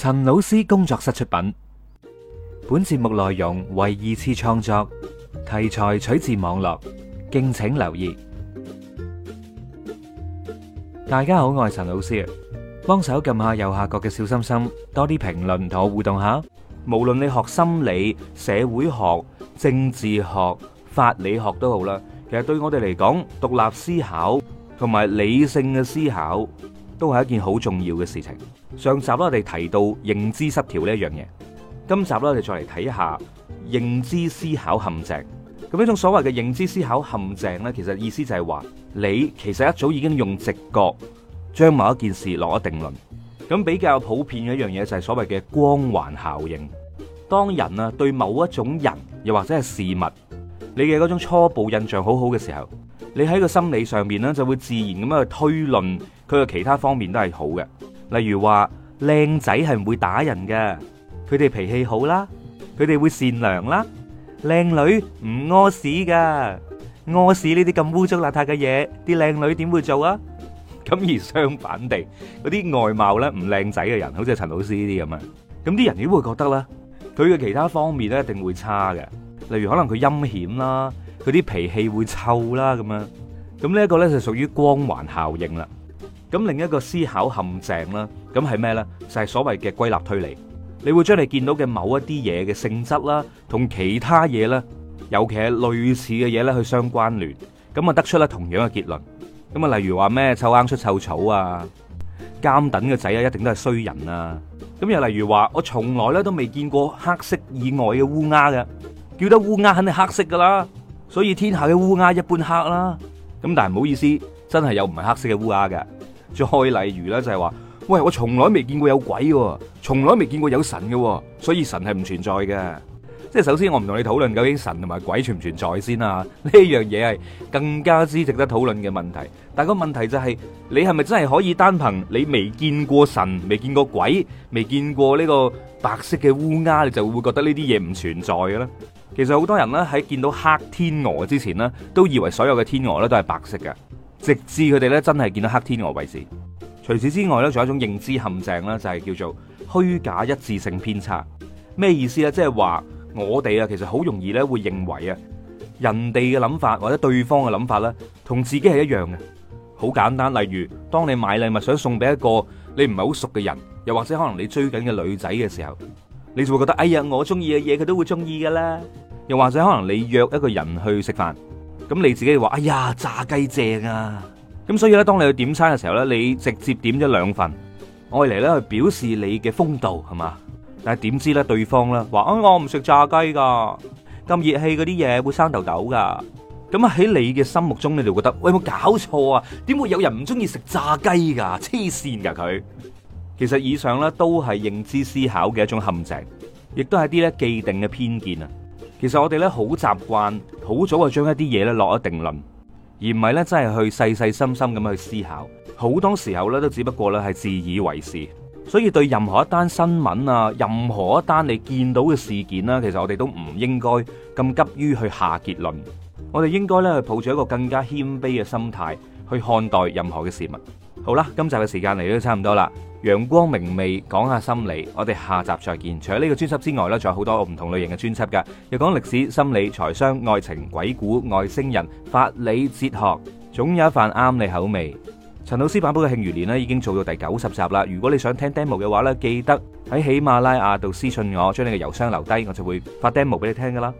陳老師工作室出品，本節目內容為二次創作，題材取自網絡，敬請留意。大家好，我係陳老師，幫手撳下右下角嘅小心心，多啲評論同我互動下。無論你學心理、社會學、政治學、法理學都好啦，其實對我哋嚟講，獨立思考同埋理性嘅思考。都係一件好重要嘅事情。上集啦，我哋提到認知失調呢一樣嘢。今集啦，我哋再嚟睇一下認知思考陷阱。咁呢種所謂嘅認知思考陷阱呢，其實意思就係話，你其實一早已經用直覺將某一件事落咗定論。咁比較普遍嘅一樣嘢就係所謂嘅光環效應。當人啊對某一種人又或者係事物，你嘅嗰種初步印象好好嘅時候，你喺個心理上面咧，就會自然咁樣去推論佢嘅其他方面都係好嘅。例如話，靚仔係唔會打人嘅，佢哋脾氣好啦，佢哋會善良啦。靚女唔屙屎噶，屙屎呢啲咁污糟邋遢嘅嘢，啲靚女點會做啊？咁而相反地，嗰啲外貌咧唔靚仔嘅人，好似陳老師呢啲咁啊，咁啲人亦都會覺得啦，佢嘅其他方面咧一定會差嘅。例如可能佢陰險啦。佢啲脾氣會臭啦，咁樣咁呢一個咧就屬於光環效應啦。咁另一個思考陷阱啦，咁係咩咧？就係所謂嘅歸納推理。你會將你見到嘅某一啲嘢嘅性質啦，同其他嘢咧，尤其係類似嘅嘢咧去相關聯，咁啊得出咧同樣嘅結論。咁啊，例如話咩臭罌出臭草啊，監躉嘅仔啊，一定都係衰人啊。咁又例如話，我從來咧都未見過黑色以外嘅烏鴉嘅，叫得烏鴉肯定黑色噶啦。所以天下嘅烏鴉一般黑啦，咁但係唔好意思，真係有唔係黑色嘅烏鴉嘅。再例如啦，就係話，喂，我從來未見過有鬼喎，從來未見過有神嘅喎，所以神係唔存在嘅。即係首先我唔同你討論究竟神同埋鬼存唔存在先啊，呢樣嘢係更加之值得討論嘅問題。但個問題就係，你係咪真係可以單憑你未見過神、未見過鬼、未見過呢個白色嘅烏鴉，你就會覺得呢啲嘢唔存在嘅咧？其實好多人咧喺，見到黑天鵝之前咧，都以為所有嘅天鵝咧都係白色嘅，直至佢哋咧真係見到黑天鵝為止。除此之外咧，仲有一種認知陷阱咧，就係叫做虛假一致性偏差。咩意思咧？即係話我哋啊，其實好容易咧會認為啊，人哋嘅諗法或者對方嘅諗法咧，同自己係一樣嘅。好簡單，例如當你買禮物想送俾一個你唔係好熟嘅人，又或者可能你追緊嘅女仔嘅時候。你就會覺得哎呀，我中意嘅嘢佢都會中意噶啦。又或者可能你約一個人去食飯，咁你自己話哎呀炸雞正啊。咁所以呢，當你去點餐嘅時候呢，你直接點咗兩份，愛嚟呢，去表示你嘅風度係嘛。但係點知呢，對方呢話：哎，我唔食炸雞噶，咁熱氣嗰啲嘢會生痘痘噶。咁啊喺你嘅心目中，你就覺得喂，有冇搞錯啊？點會有人唔中意食炸雞噶？黐線噶佢！其實以上咧都係認知思考嘅一種陷阱，亦都係啲咧既定嘅偏見啊！其實我哋咧好習慣，好早就將一啲嘢咧落一定論，而唔係咧真係去細細心心咁去思考。好多時候咧都只不過咧係自以為是，所以對任何一單新聞啊，任何一單你見到嘅事件啦，其實我哋都唔應該咁急於去下結論。我哋應該咧抱住一個更加謙卑嘅心態去看待任何嘅事物。好啦，今集嘅時間嚟都差唔多啦。陽光明媚，講下心理，我哋下集再見。除咗呢個專輯之外呢，仲有好多唔同類型嘅專輯噶，又講歷史、心理、財商、愛情、鬼故、外星人、法理、哲學，總有一份啱你口味。陳老師版本嘅《慶餘年》咧已經做到第九十集啦。如果你想聽 demo 嘅話咧，記得喺喜馬拉雅度私信我，將你嘅郵箱留低，我就會發 demo 俾你聽噶啦。